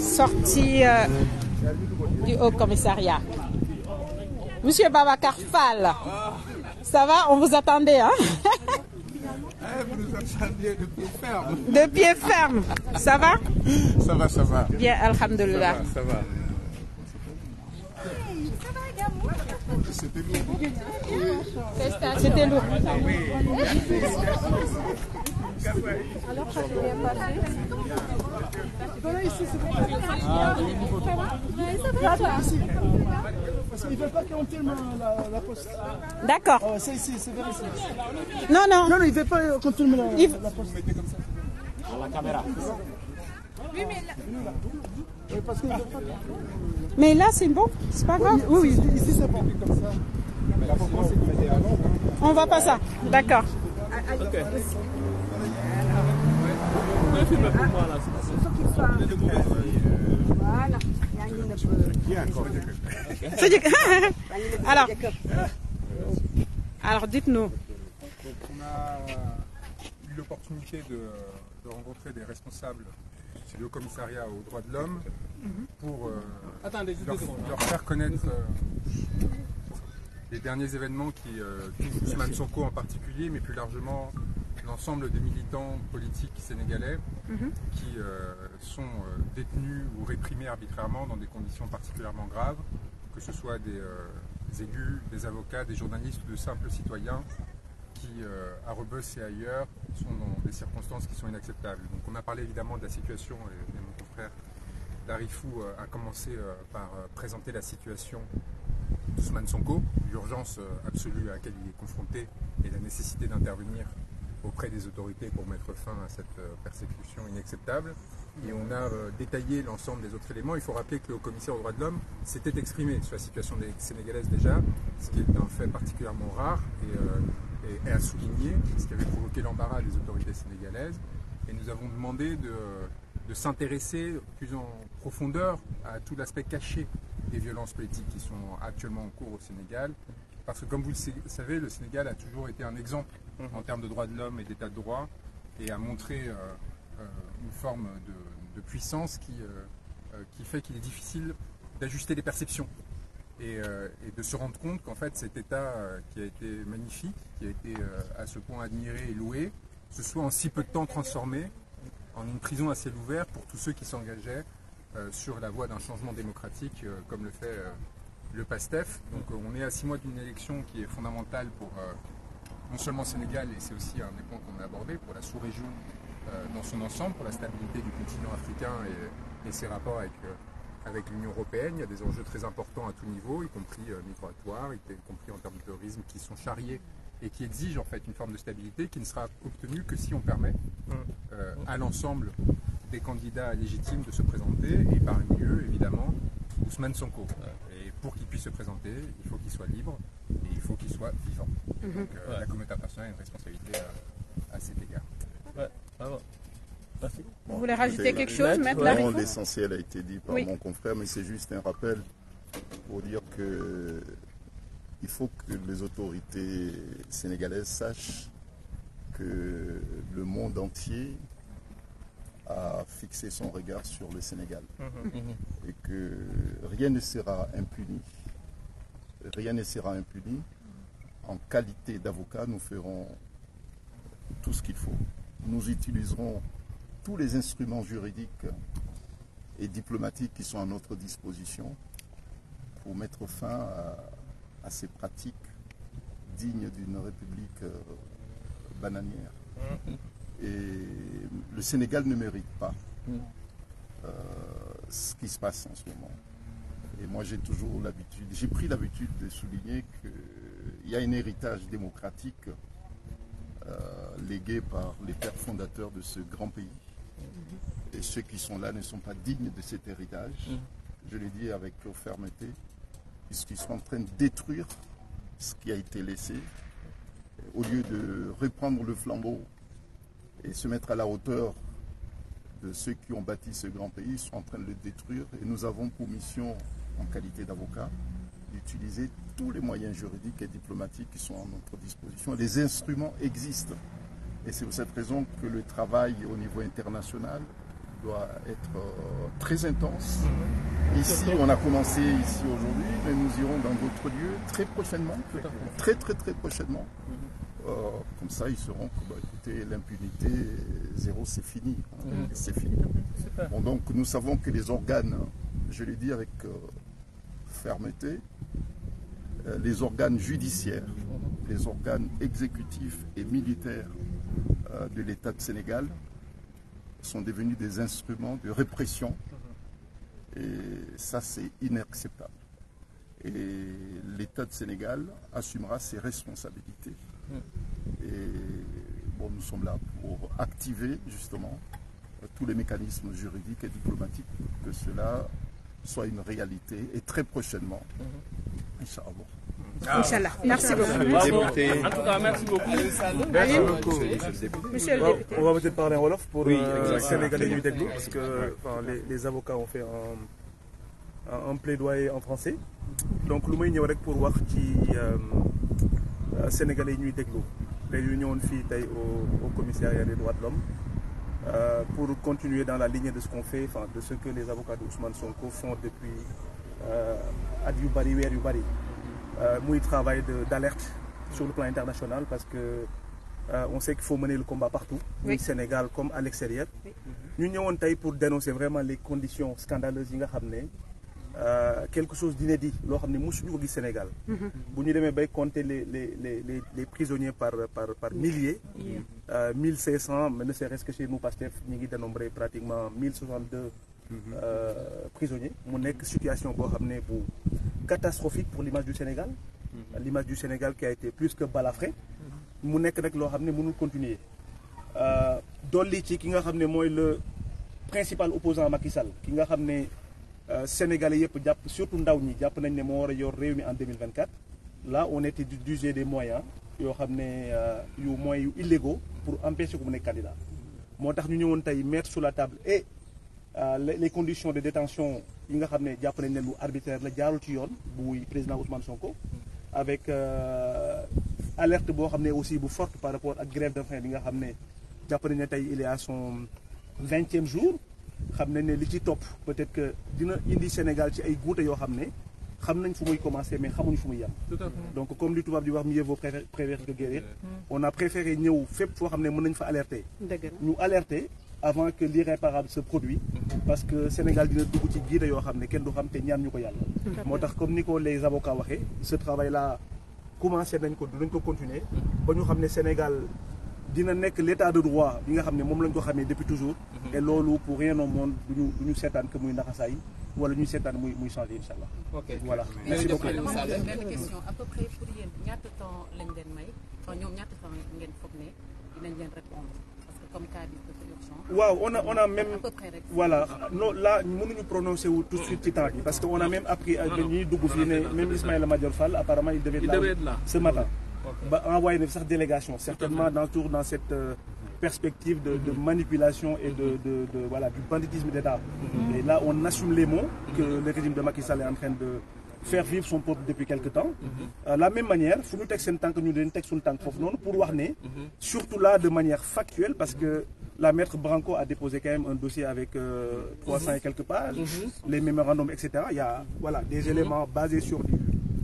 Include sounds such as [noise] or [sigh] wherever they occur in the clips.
sortie euh, du Haut Commissariat. Monsieur Babacar Fall, ça va On vous attendait, hein [laughs] eh, Vous nous attendiez de pied ferme. De pied ferme, ça va Ça va, ça va. Bien, Alhamdulillah. Ça va, ça va. C'était lourd. C'était lourd. Ah alors, ça pas qu'on la, D'accord. Ah, non, non. Non, non, ne veut pas qu'on filme la, poste. comme ça. À la caméra. Oui, mais là... c'est bon, c'est pas grave. ici, c'est bon. Hein. On va pas ça, d'accord. Alors, alors dites-nous. on a eu l'opportunité de, rencontrer des responsables du Commissariat aux droits de l'homme pour euh, leur, faire connaître euh, les derniers événements qui euh, touchent en particulier, mais plus largement l'ensemble des militants politiques sénégalais mhm. qui euh, sont euh, détenus ou réprimés arbitrairement dans des conditions particulièrement graves, que ce soit des, euh, des aigus, des avocats, des journalistes ou de simples citoyens qui, à Rebus et ailleurs, sont dans des circonstances qui sont inacceptables. Donc on a parlé évidemment de la situation et, mon confrère Darifou a commencé par présenter la situation d'Ousmane Sonko, l'urgence absolue à laquelle il est confronté et la nécessité d'intervenir auprès des autorités pour mettre fin à cette euh, persécution inacceptable. Et on a euh, détaillé l'ensemble des autres éléments. Il faut rappeler que le commissaire aux droits de l'homme s'était exprimé sur la situation des Sénégalaises déjà, ce qui est un fait particulièrement rare et, euh, et, à souligner, ce qui avait provoqué l'embarras des autorités sénégalaises. Et nous avons demandé de, de s'intéresser plus en profondeur à tout l'aspect caché des violences politiques qui sont actuellement en cours au Sénégal. Parce que comme vous le savez, le Sénégal a toujours été un exemple Mhm. en termes de droits de l'homme et d'état de droit, et à montré euh, euh, une forme de, puissance euh, qui, fait qu'il est difficile d'ajuster les perceptions et, et, de se rendre compte qu'en fait cet état qui a été magnifique, qui a été à ce point admiré et loué, se soit en si peu de temps transformé en une prison à ciel ouvert pour tous ceux qui s'engageaient sur la voie d'un changement démocratique comme le fait le PASTEF. Donc on est à six mois d'une élection qui est fondamentale pour, non seulement Sénégal, et c'est aussi un des points qu'on a abordé pour la sous-région euh, dans son ensemble, pour la stabilité du continent africain et, ses rapports euh, avec, l'Union européenne. Il y a des enjeux très importants à tout niveau, y compris euh, migratoires, y compris en termes de terrorisme, qui sont charriés et qui exigent en fait une forme de stabilité qui ne sera obtenue que si on permet à l'ensemble des candidats légitimes de se présenter, et parmi eux évidemment Ousmane Sonko. Et pour qu'il puisse se présenter, il faut qu'il soit libre faut qu'il soit vivant. Mhm. Euh, la communauté personnelle a une responsabilité euh, à cet égard. Vous voulez rajouter quelque chose, Maître l'essentiel a été dit par mon confrère, mais c'est juste un rappel pour dire que il faut que les autorités sénégalaises sachent que le monde entier a fixé son regard sur le Sénégal mhm, mhm. et que rien ne sera impuni, rien ne sera impuni en qualité d'avocat, nous ferons tout ce qu'il faut. Nous utiliserons tous les instruments juridiques et diplomatiques qui sont à notre disposition pour mettre fin à, ces pratiques dignes d'une république euh, bananière. Mm. Et le Sénégal ne mérite pas mm. euh, ce qui se passe en ce moment. Et moi j'ai toujours l'habitude, j'ai pris l'habitude de souligner que il y a un héritage démocratique euh, légué par les pères fondateurs de ce grand pays. Mhm. Et ceux qui sont là ne sont pas dignes de cet héritage. Mhm. Je l'ai dit avec fermeté, puisqu'ils sont en train de détruire ce qui a été laissé, au lieu de reprendre le flambeau et se mettre à la hauteur de ceux qui ont bâti ce grand pays, ils sont en train de le détruire. Et nous avons pour mission, en qualité d'avocat, tous les moyens juridiques et diplomatiques qui sont à notre disposition. Les instruments existent. Et c'est pour cette raison que le travail au niveau international doit être euh, très intense. Mm-hmm. Ici, on a commencé ici aujourd'hui, mais nous irons dans d'autres lieux très prochainement, très très très prochainement. Mm-hmm. Euh, comme ça, ils seront bah, écoutez, l'impunité zéro, c'est fini. Mm-hmm. C'est fini. donc, nous savons que les organes, je l'ai dit avec euh, fermeté euh, les organes judiciaires, les organes exécutifs et militaires euh, de l'État de Sénégal sont devenus des instruments de répression. Et ça, c'est inacceptable. Et l'État de Sénégal assumera ses responsabilités. Et bon, nous sommes là pour activer justement tous les mécanismes juridiques et diplomatiques que cela soit une réalité et très prochainement. Mhm. Ah. Inch'Allah. Merci beaucoup. En tout cas, merci beaucoup. On va peut-être parler en Wolof pour euh, les Sénégalais Sénégalais parce que les, avocats ont fait un, plaidoyer en français. Donc, le may pour voir ci euh, Sénégalais yi ñuy déglu tey yu ñëwoon au au commissariat des droits de l'homme euh, pour continuer dans la ligne de ce qu'on fait, de ce que les avocats d'Ousmane Sonko font depuis euh, à Yubari, Yubari. Euh, ils travaillent d'alerte sur le plan international parce que euh, on sait qu'il faut mener le combat partout, au Sénégal comme à l'extérieur. L'Union Nous sommes pour dénoncer vraiment les conditions scandaleuses. Euh, quelque chose d'inédit nous avons vu le Sénégal mhm. bu ñu compté compter les les les prisonniers par milliers 1500, euh, mais ne serait-ce que chez nous Pastef nous avons dénombré pratiquement 1062 mhm. euh, prisonniers mu une situation catastrophique pour l'image du Sénégal mhm. l'image du Sénégal qui a été plus que balafrée nous avons vu que nous continuer euh, dolli ci ki le principal opposant Macky Sall ki nga euh, sénégalais surtout ndaw ñi nañ en 2024 là on était du des moyens des euh, moyens illégaux pour empêcher ko les candidats. candidat avons nous ñu ñëwoon mettre sur la table et euh, les conditions de détention qui nga été arbitraires, le nañ le président Ousmane Sonko avec alerte aussi forte par rapport la grève de faim nga il est à son 20e jour xam nañ ne li peut-être que dina indi Sénégal ci ay guute yoo xam ne xam commencer mais donc comme li tubaab di wax mieux vaut prévenir mm. on a préféré nous fépp foo ne alerter avant que l'irréparable se produise mm-hmm. parce que Sénégal dina ci du xam comme les avocats ce travail là commencé continuer mm-hmm. ba ñu xam Sénégal dina nek l'État de droit bi nga xamné mom lañ ko xamé depuis toujours. Mhm. Et lolu pour rien au monde duñu duñu sétane que muy naxasaay wala ñu sétane muy muy changé inshallah ok voilà merci beaucoup. benn question à peu près pour yéen ñatt temps lañ den may ñom ñatt temps ngeen fogné dinañ len répondre parce que comme cas bi Wow, on a on a même voilà non là mënuñu nous wu tout de suite ci temps parce que on a même appris venir du dugg fii même Ismaël major Fall apparemment il devait être là ce matin envoyer une une délégation certainement dans dans cette euh, perspective de, mm-hmm. manipulation et de, voilà du banditisme d'État. Mm-hmm. Et là on assume les mots mm-hmm. que le régime de Macky Sall est en train de faire vivre son peuple depuis quelque temps. De euh, la même manière il faut que nous nous ñu texte sur le temps pour wax surtout là de manière factuelle parce que la maître Branco a déposé quand même un dossier avec 300 euh, et quelques pages les mémorandums etc. il y a voilà des éléments basés sur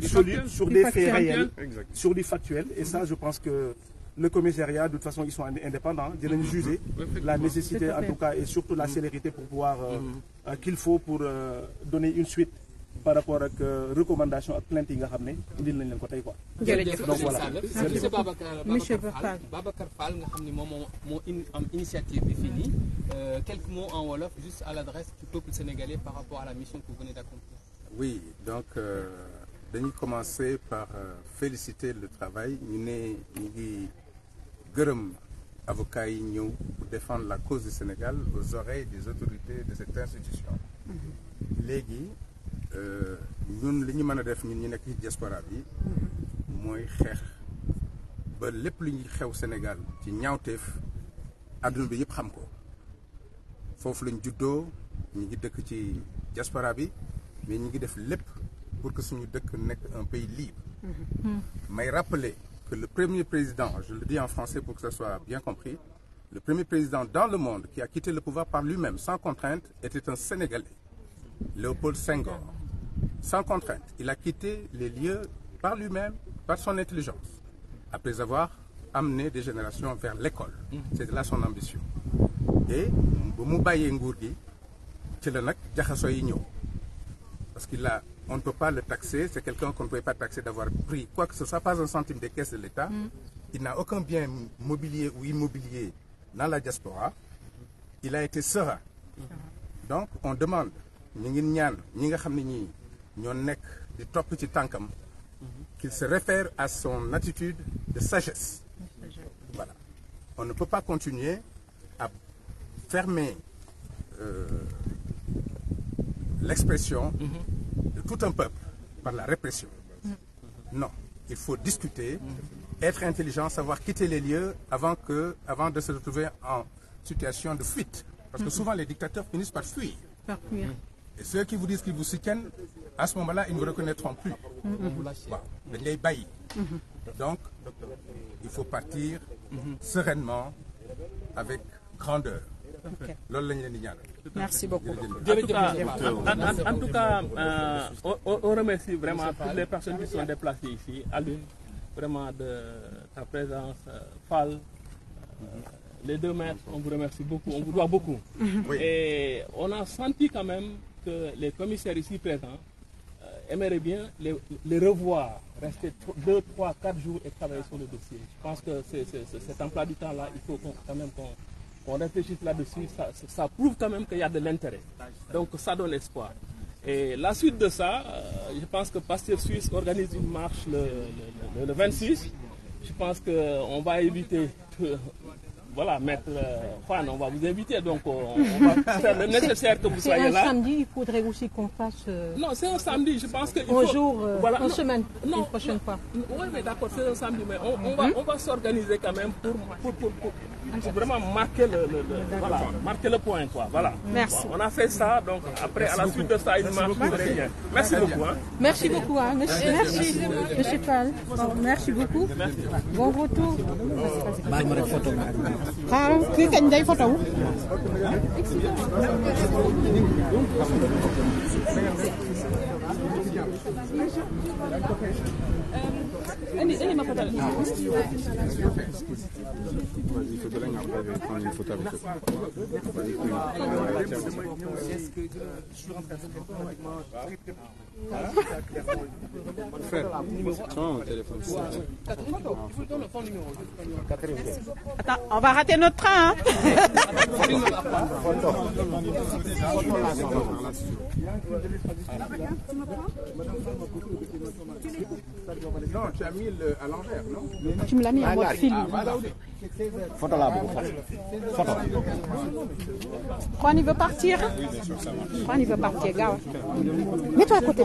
sur des faits réels, sur des factuels. Et ça, je pense que le commissariat, de toute façon, ils sont indépendants, ils mm-hmm. juger la nécessité, en tout cas, et surtout la mm-hmm. célérité pour pouvoir euh, mm-hmm. euh, qu'il faut pour euh, donner une suite par rapport à recommandation à plainte yi nga xam ko quoi. donc voilà monsieur Babacar Fall Babacar Fall nga initiative bi quelques mots en wolof juste à l'adresse du peuple sénégalais par rapport à la mission que vous venez d'accomplir. oui donc dañuy commencer par euh, féliciter le travail ñu ne ñu ngi gërëm avocats yi ñëw pour défendre la cause du Sénégal aux oreilles des autorités de cette institution mm-hmm. léegi euh, ñun li ñu mën def ñun ñi nekk ci diaspora bi mm-hmm. mooy xeex ba lépp lu ñuy xew Sénégal ci ñaawteef adduna bi yëpp xam ko foofu lañ juddoo ñu ngi dëkk ci diaspora bi mais ñu ngi def lépp pour que nous soyons un pays libre mm-hmm. mm-hmm. Mais rappeler que le premier président je le dis en français pour que ça soit bien compris le premier président dans le monde qui a quitté le pouvoir par lui-même sans contrainte était un Sénégalais Léopold Senghor sans contrainte il a quitté les lieux par lui-même par son intelligence après avoir amené des générations vers l'école mm-hmm. C'est là son ambition et bu Ngourgi, bàyyee le parce qu'il a, on ne peut pas le taxer, c'est quelqu'un qu'on ne pouvait pas taxer d'avoir pris quoi que ce soit, pas un centime des caisses de l'État. Mm. Il n'a aucun bien mobilier ou immobilier dans la diaspora. Il a été serein. Donc, on demande, qu'il se réfère à son attitude de sagesse. Voilà. On ne peut pas continuer à fermer euh, l'expression mhm. de tout un peuple par la répression. Mhm. Non, il faut discuter, mhm. être intelligent, savoir quitter les lieux avant, que, avant de se retrouver en situation de fuite. Parce que souvent les dictateurs finissent par fuir. Et ceux qui vous disent qu'ils vous soutiennent, à ce moment-là, ils ne vous reconnaîtront plus. Donc, il faut partir sereinement, avec grandeur merci beaucoup en tout cas on remercie vraiment toutes les personnes qui sont déplacées ici lui vraiment de ta présence euh, Fall. Euh, les deux maîtres, on vous remercie beaucoup, on vous doit beaucoup. [laughs] Et on a senti quand même que les commissaires ici présents euh, aimeraient bien les, revoir, rester 2, 3, 4 jours et travailler sur le dossier. Je pense que c'est, cet emploi du temps-là, il faut quand même qu'on on réfléchisse là-dessus, ça, prouve quand même qu'il y a de l'intérêt. Donc ça donne espoir. Et la suite de ça, euh, je pense que Pasteur Suisse organise une marche le, 26. Je pense qu'on va éviter de, voilà, Quoi euh, Juan, on va vous inviter, donc euh, on, va [laughs] faire le nécessaire que vous soyez un là. samedi, il faudrait aussi qu'on fasse. non, c'est un samedi, je pense que. jour, voilà, une semaine, non, une prochaine fois. Oui, mais d'accord, c'est un samedi, mais on, hein? va, s'organiser quand même pour, pour, pour il vraiment marquer le, point. Voilà. Merci. on a fait ça, donc après, à la suite de ça, il marche oh, Merci beaucoup. Merci beaucoup, merci, merci, merci beaucoup. Bon retour. Je après vais prendre une avec Attends, on va rater notre train. non, tu as mis à non Tu me l'as mis à mode film. Photo Juan, il veut partir. Quand il veut partir, gars. Mets-toi à côté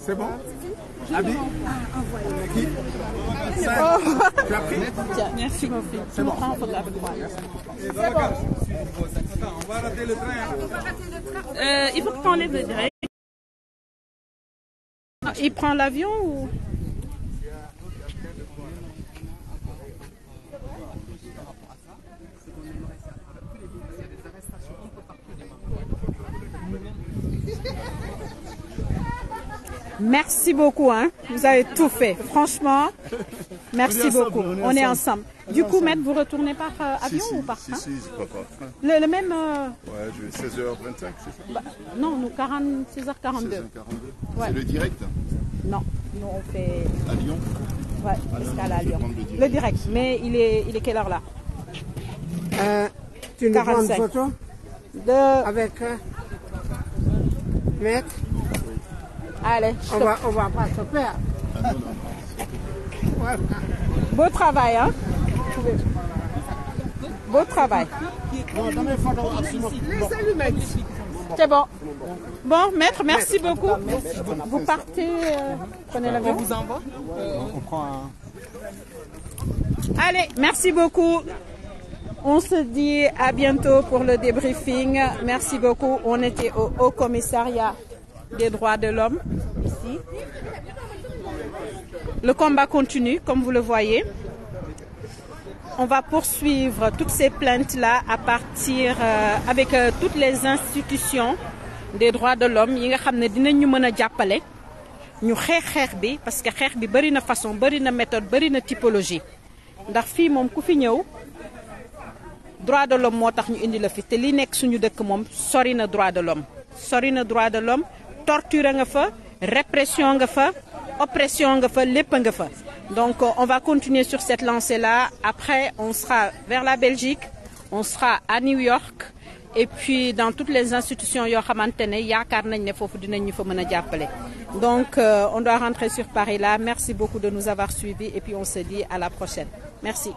C'est bon Abby Qui oh. Tu as pris Merci mon fils. C'est bon. C'est On va rater le train. Euh, il faut que tu enlèves le ah, Il prend l'avion ou Merci beaucoup. Hein. Vous avez tout fait. Franchement, merci beaucoup. on, est ensemble. Du coup, maître, vous retournez par euh, avion ou par train Si, si, Le, le, même. 16h25, euh, c'est ça bah, Non, nous, 16h42. h 42 C'est le direct Non, nous, on fait. À Lyon Ouais, ah jusqu'à Lyon. Le direct. Mais il est, il est quelle heure là euh, Tu nous prends une photo de... Avec. Euh, maître Allez. On va, on va pas se faire. Beau travail, hein Beau travail. C'est bon. Bon, maître, merci beaucoup. Vous partez, euh, prenez On vous envoie euh, prend Allez, merci beaucoup. On se dit à bientôt pour le débriefing. Merci beaucoup. On était au Commissariat des droits de l'homme ici. Le combat continue, comme vous le voyez. On va poursuivre toutes ces plaintes-là à partir euh, avec euh, toutes les institutions des droits de l'homme yi nga nous ne dinañu mën a jàppale ñu nous bi parce que nous bi une façon une na méthode une na typologie ndax fii nous ku fi ñëw droit de l'homme moo tax ñu indi la fi te li nekk suñu dëkk droit de l'homme sori na droit de l'homme torture nga répression oppression nga donc euh, on va continuer sur cette lancée là après on sera vers la Belgique on sera à New York et puis dans toutes les institutions il y a nañ ne fofu dinañ donc euh, on doit rentrer sur Paris là merci beaucoup de nous avoir suivis et puis on se dit à la prochaine merci